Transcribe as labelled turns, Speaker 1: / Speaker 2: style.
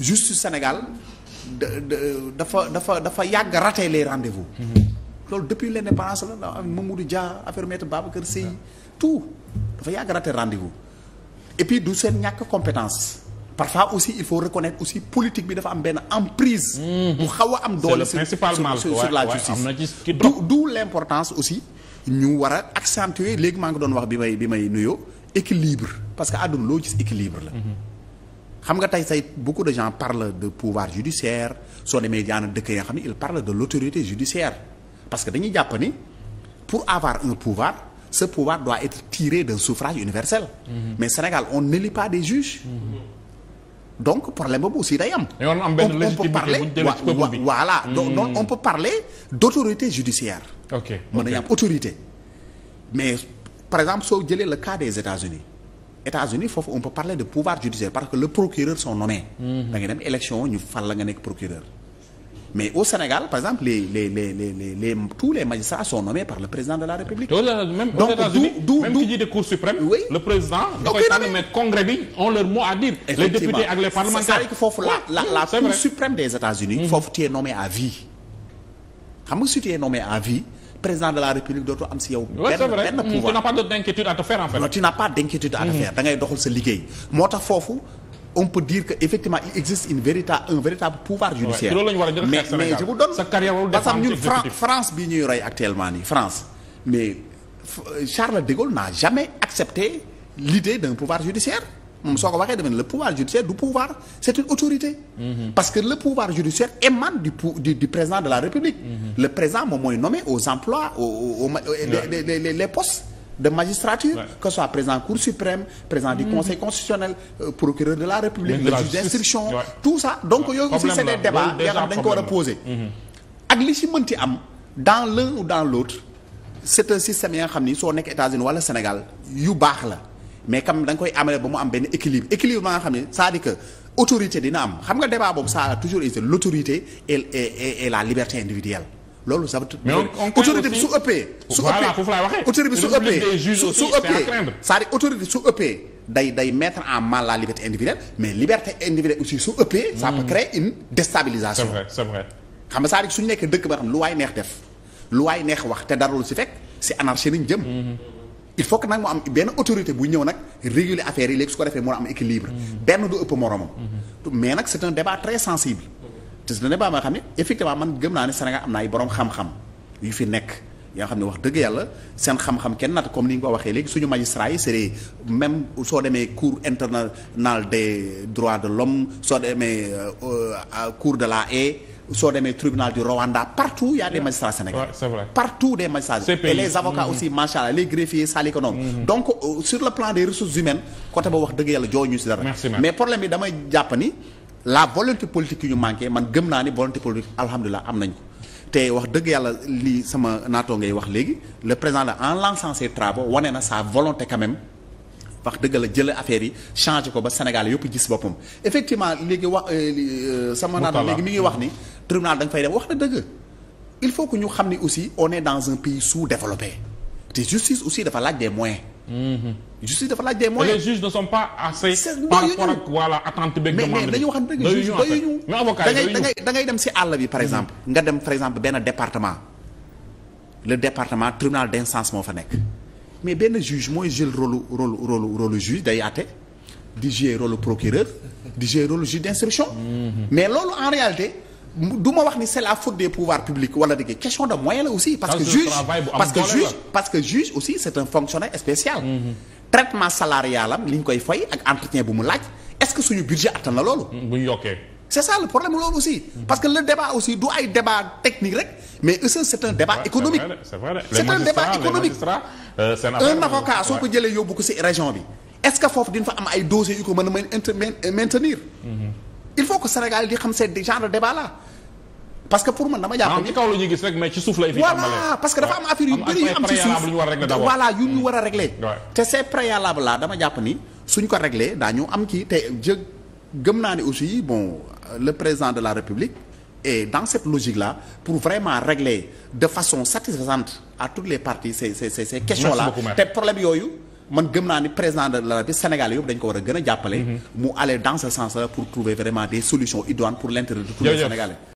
Speaker 1: justice Sénégal dafa dafa dafa yàgg raté les rendez-vous. Mm-hmm. loolu depuis l'indépendance la da am Mamadou Dia affaire maître Babacar Sèye tout dafa yàgg raté rendez-vous et puis du seen ñàkk compétence parfois aussi il faut reconnaître aussi politique bi dafa am benn en mm-hmm. bu xaw a am doole. sur sur la justice du d'où l'importance aussi ñu war a accentuer léegi maa ngi doon wax bi may bi may nuyoo équilibre parce que àdduna loo gis équilibre la. Mm-hmm. xam nga tey say beaucoup de gens parlent de pouvoir judiciaire soo demee jaana dëkk yi nga xam ne ils parlent de l'autorité judiciaire parce que dañuy jàpp pour avoir un pouvoir ce pouvoir doit être tiré d'un suffrage universel mmh. mais Sénégal on n'élit pas des juges mhm. donc problème boobu aussi day am on peut parler voilà mhm. donc on peut parler d'autorité judiciaire ok mën nañu am autorité mais par exemple soo jëlee le cas des États-Unis États-Unis foofu on peut parler de pouvoir judiciaire parce que le procureur sont nommés. Mhm. da ngay dem élection ñu fal la nga nekk procureur. mais au Sénégal par exemple les les les les les tous les magistrats sont nommés par le président de la République. même aux États-Unis même ki jiite Cour suprême. oui le président. da koy tànn mais congrès bi ont leur mot à dire. les députés ak les parlementaires c'est-à-dire que foofu la la la Cour suprême des États-Unis mhm. foofu président de la république dootoo am si yow. benn benn mm. pouvoir tu n'as pas d'inquiétude à te faire en fait. non tu n'as pas mm. sa liggéey moo tax foofu. on peut dire que effectivement il existe une véritable pouvoir judiciaire mais mais Charles de Gaulle n'a jamais accepté l'idée d'un pouvoir judiciaire moom soo ko waxee dama ne pouvoir judiciaire du pouvoir c'est une autorité. Mm-hmm. parce que le pouvoir judiciaire émane du président de la République. Mm-hmm. le président moom mooy nommé aux emplois les postes. de magistrature que soit président Cour suprême président du mm-hmm. Conseil constitutionnel euh, procureur de la République le juge d'instruction tout ça donc yooyu aussi c'est des débats dañ ko war a poser ak li ci mënti am dans l'un ou dans l'autre c'est un système yi nga mais kam da koy amale ba mu am benn équilibre équilibre ma nga xam ne c'est-à-dire que autorité dina am xam nga débat boobu ça a toujours été l'autorité et et et la liberté individuelle. loolu ça veut autorité bi su ëppee. su ëppee foofu laay autorité su ëppee su su ëppee autorité su ëppee day day mettre en mal la liberté individuelle mais liberté individuelle aussi su ëppee. ça peut hmm. créer une déstabilisation. c'est xam nga cest suñu nekk dëkk ba xam lu waay neex def lu waay neex wax te dara lu si fekk si anarchie nañ jëm. Hmm. il faut que nag mu am benn autorité bu ñëw nag réguler affaire yi léegi su ko defee moo am équilibre. benn du ëpp moromam. mais nag c'est un débat très sensible. te c'est un débat ma xam ne effectivement man gëm naa ne Sénégal am na ay borom xam-xam yu fi nekk. yoo xam ne wax dëgg yàlla seen xam-xam kenn nat comme ni nga ko waxee léegi suñu magistrats yi c'est même soo demee cour internationale de droits de l'homme soo demee euh, cour de la haie soo demee tribunal du Rwanda partout y a des magistrats sénégalais. c'est vrai partout des magistrats. et les avocats mm-hmm. aussi macha allah les greffiers saalika noonu. Mm-hmm. donc euh, sur le plan des ressources humaines côté ba wax dëgg yàlla jooy ñu si dara. mais problème bi damay jàpp ni la volonté politique yu ñu manqué man gëm naa ni volonté politique alhamdulilah am nañ ko. te wax dëgg yàlla lii sama naatoo ngay wax léegi le président la en lançant ses travaux wane na sa volonté quand wax dëgg la jël affaire yi changé ko ba Sénégal yëpp gis boppam effectivement léegi wax euh, euh, sama naan léegi mi ngi wax ni tribunal da nga fay dem wax na dëgg il faut que ñu xam ni aussi on est dans un pays sous-développé te justice aussi dafa laaj des moyens mhm. justice dafa laaj des moyens les juges voilà attente beeg demande wax dëgg juge doyuñu da ngay da ngay dem si àll bi par mhm. exemple nga dem par exemple benn département le département tribunal d'instance moo fa nekk mais benn juge mooy jël rôle rôle rôle rôle juge day àtte di jouer rôle procureur di jouer rôle juge d'instruction. Mhm. mais loolu en réalité du wax ni c'est faute des pouvoirs publics wala dégg question de moyen la aussi. parce que juge parce que juge parce que juge aussi c'est un fonctionnaire spécial. Mhm. traitement salarial am li koy fay ak entretien bu mu laaj est-ce que suñu budget attan na loolu. Mm, c'est ça le problème loolu aussi. parce que le débat aussi du ay débat technique rek mais aussi c'est un débat économique. c'est vrai c'est un débat économique euh, un avocat soo ko jëlee yóbbu ko région bi est que foofu dina am ay dossiers ko mën a mën euh, maintenir. Mm-hmm. il faut que di xam c'est genre de débat là. parce que pour man dama jàpp ni ci kaw la gis rek mais ci suuf lay. fi voilà am affaire a régler. Mm. te ces préalables là dama jàpp ni suñ ko régler daañu am kii te jë. gëm naa ne aussi bon le président de la République est dans cette logique là pour vraiment régler de façon satisfaisante à toutes les parties ces ces ces ces questions te problème yooyu man gëm naa ni président de la République Sénégal yëpp dañ ko war a gën a jàppale mm-hmm. mu aller dans ce sens pour trouver vraiment des solutions idoines pour l'intérêt de tous les